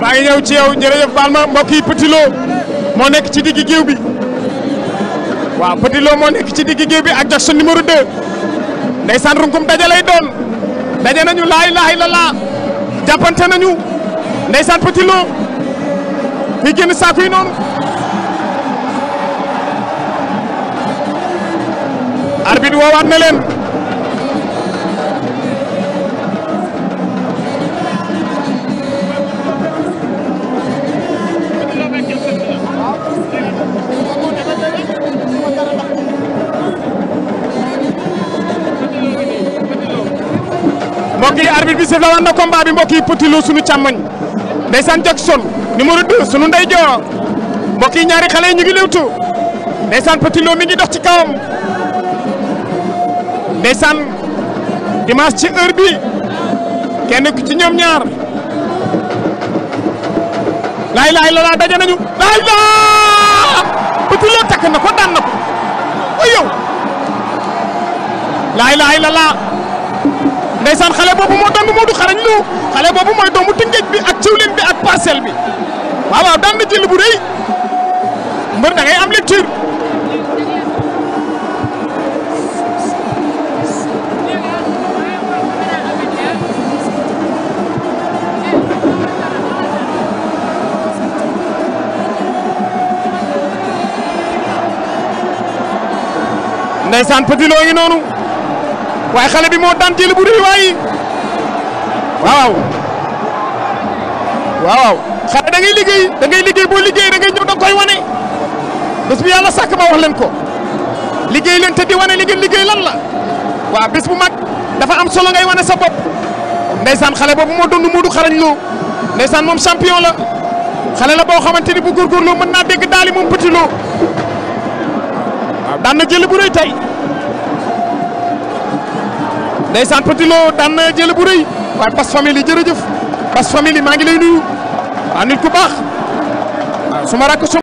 maa ngi ñëw ci yow jërëjëf baal ma mbokk yi Petit Lo moo nekk ci digg géew bi waaw Petit Lo moo nekk ci digg géew bi ak Jackson numéro 2 ndeysaan runkum daje lay doon daje nañu laa ilaaha illallaah jàppante nañu ndeysaan Petit Lo fii génn saako yi noonu. leen. mbokk yi arbitre bi sifla woon na combat bi mbokk yi Petit Lo sunu càmmoñ ndeysaan Jackson numéro 2 sunu ndeyjoor mbokk yi ñaari xale yi ñu ngi lewtu ndeysaan Petit Lo mi ngi dox ci kawam ndeysaan dimanche ci heure bi ci ñoom ñaar laay laay loola daje nañu laay laa Petit takk na ko daan na ko laay laay lala ndeysaan xale boobu moo doon Modou xarañ lu xale boobu mooy doomu Tëngéej bi ak ciwlin bi ak parcelle bi waaw waaw daan bu rëy mbër da ngay am lecture. ndeysaan petit loo ngi noonu. waaye xale bi moo daan jël bu rëy waay waaw waaw xale da ngay liggéey da ngay liggéey boo liggéey da ngay ñëw da koy wane bés bi yàlla sàkk ma wax leen ko liggéey leen te di wane li liggéey lan la waaw bés bu mag dafa am solo ngay wane sa bopp ndeysaan xale boobu moo dund Modou xarañ loo ndeysaan moom champion la xale la boo xamante ni bu góorgóorloo mën naa dégg daali moom petit loo waaw daan na jël bu rëy tey ndeysaan Petit Lo daan na jël bu rëy waaye Bass Family jërëjëf Bass Family maa ngi lay nuyu waa nit ku baax suma rakk